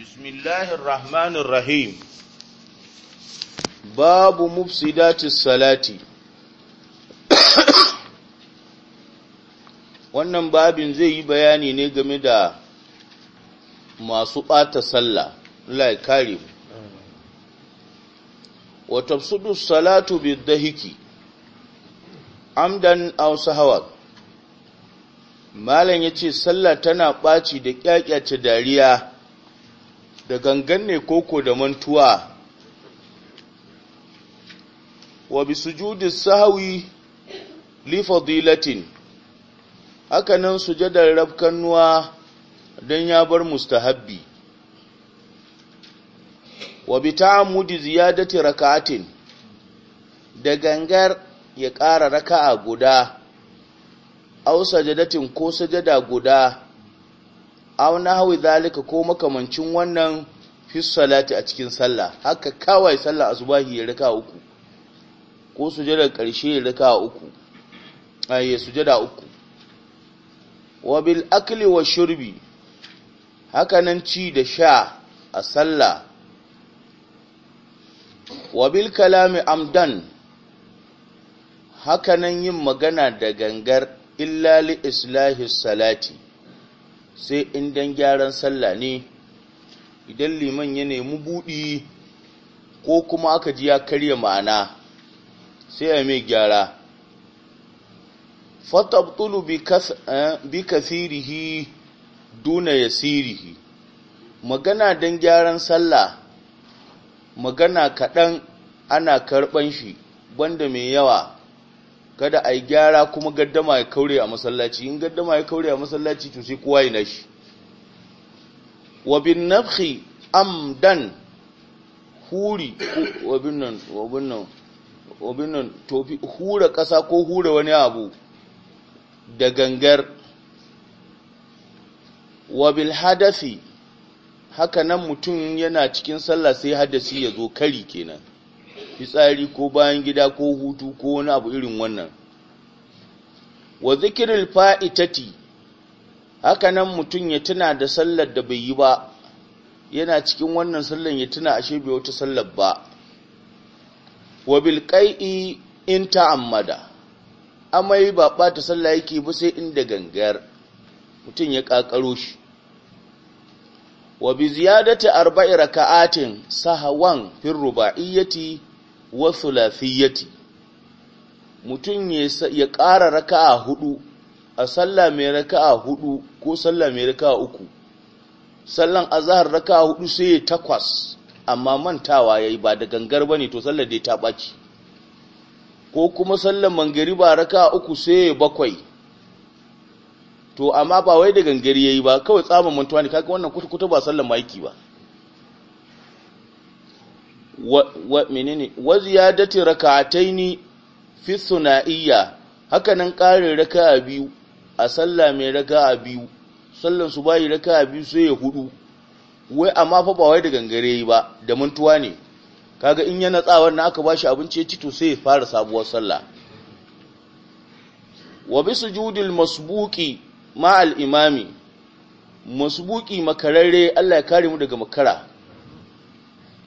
بسم الله الرحمن الرحيم باب مفسدات الصلاة wannan babin zai yi bayani ne game da masu ɓata sallah Allah ya kare mu wa tafsudu salatu bidahiki amdan aw sahawan malam yace sallah tana ɓaci da kyakyace dariya da gangan ne koko da mantuwa wa bi sujudi sahwi li fadilatin nan sujadar rabkannuwa dan ya bar mustahabbi wa bi ta'ammudi ziyadati raka'atin da gangar ya ƙara raka'a guda aw sajadatin ko sajada guda aw hawi zalika ko makamancin wannan fi salati a cikin sallah haka kawai sallah asubahi ya raka uku ko sujada karshe ya raka uku ay sujada uku wa bil akli wa shurbi haka nan ci da sha a sallah wa bil kalami amdan haka nan yin magana da gangar illa li islahi salati sai in dan gyaran sallah ne idan liman ya nemi buɗi ko kuma aka ji ya karya ma'ana sai a mai gyara fatabtulu bi kasirihi eh, duna yasirihi magana dan gyaran sallah magana kaɗan ana karɓan shi banda mai yawa kada a yi gyara kuma gaddama ya kaure a masallaci in gaddama ya kaure a masallaci to sai kowa ya nashi wa bin nafhi amdan huri ko wabin nan wabin nan wabin nan tofi hura ƙasa ko hura wani abu da gangar Wa wabil hadafi haka nan mutum yana cikin sallah sai hadasi ya zo kari kenan fitsari ko bayan gida ko hutu ko wani abu irin wannan wa zikirin fa'itati haka nan mutum ya tuna da sallar da bai yi ba yana cikin wannan sallar ya tuna ashe bai wata sallar ba wa bil qai'i in ta'ammada amai ba ɓata sallah yake ba sai inda gangar mutum ya ƙaƙaro shi wa bi ziyadati arba'i raka'atin sahawan fil ruba'iyyati wa thulathiyati mutum ya ƙara raka'a hudu a sallah mai raka'a hudu ko sallah mai raka'a uku sallan azhar raka'a hudu sai ya takwas amma mantawa yayi ba da gangar bane to sallar da ta baci ko kuma sallar ba raka'a uku sai ya bakwai to amma ba wai da ya yayi ba kawai tsamin mantawa ne kaga wannan kuta ba sallar maiki ba wa menene wa ziyadati rak'ataini fi sunaiya hakanan ƙarin raka'a biyu a sallah mai raka'a biyu sallan su bai raka'a biyu sai ya hudu wai amma fa ba wai da gangare ba da mantuwa ne kaga in yana tsawon na aka bashi abinci ya ci to sai ya fara sabuwar sallah wa bi sujudil masbuqi ma al imami masbuqi makararre Allah ya kare mu daga makara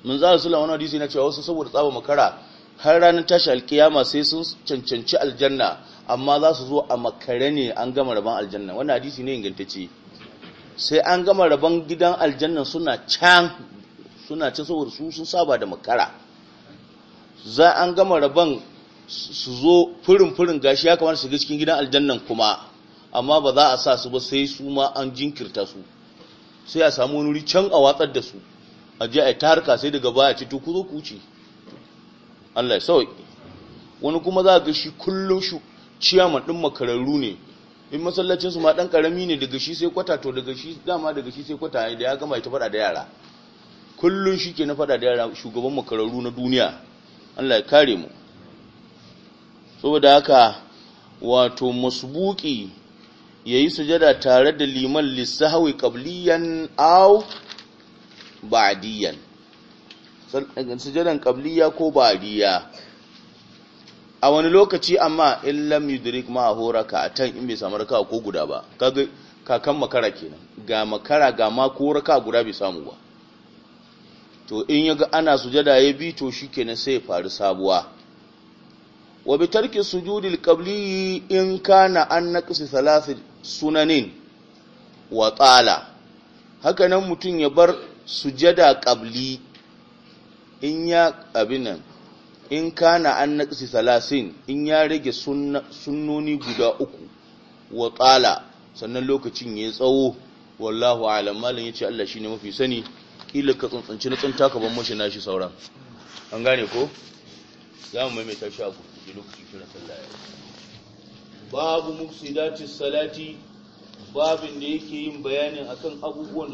mun manzo sallallahu wani hadisi na cewa wasu saboda tsaba makara har ranar tashi alkiyama sai sun cancanci aljanna amma za su zo a makare ne an gama rabon aljanna wannan hadisi ne ingantacce sai an gama rabon gidan aljanna suna can suna can saboda su sun saba da makara za an gama rabon su zo furin-furin gashi ya kamata su ga cikin gidan aljannan kuma amma ba za a sa su ba sai su ma an jinkirta su sai a samu wani can a watsar da su a je a ta harka sai daga baya ce to ku zo ku wuce Allah ya sauki wani kuma za ga shi kullum shi ciyaman din makararru ne in masallacin su ma dan karami ne daga shi sai kwata to daga shi dama daga shi sai kwata da ya gama ita fada da yara kullum shi ke na fada da yara shugaban makararru na duniya Allah ya kare mu saboda haka wato masbuki yayi sujada tare da liman lisahawi qabliyan aw ba'diyan eh, sujudan qabliya ko ba'diya a wani lokaci amma in lam yudrik ma huraka tan in bai samu raka ko guda ba kaga kakan makara kenan ga makara ga ma ko raka guda bai samu ba to in yaga ana sujada ya bi to shikenan sai faru sabuwa wa bi tarki sujudil qabli in kana an naqsi thalath sunanin wa tala haka nan mutun ya bar sujada qabli in ya abinan in kana an naqsi salasin in ya rage sunnoni guda uku wa tsala sannan lokacin ya tsawo wallahu alam malam yace Allah shine mafi sani kila ka tsuntsunci na tsunta ka ban mushi nashi sauran an gane ko za mu maimaita shi a gurguje lokacin kira sallah babu mufsidati salati babin da yake yin bayanin akan abubuwan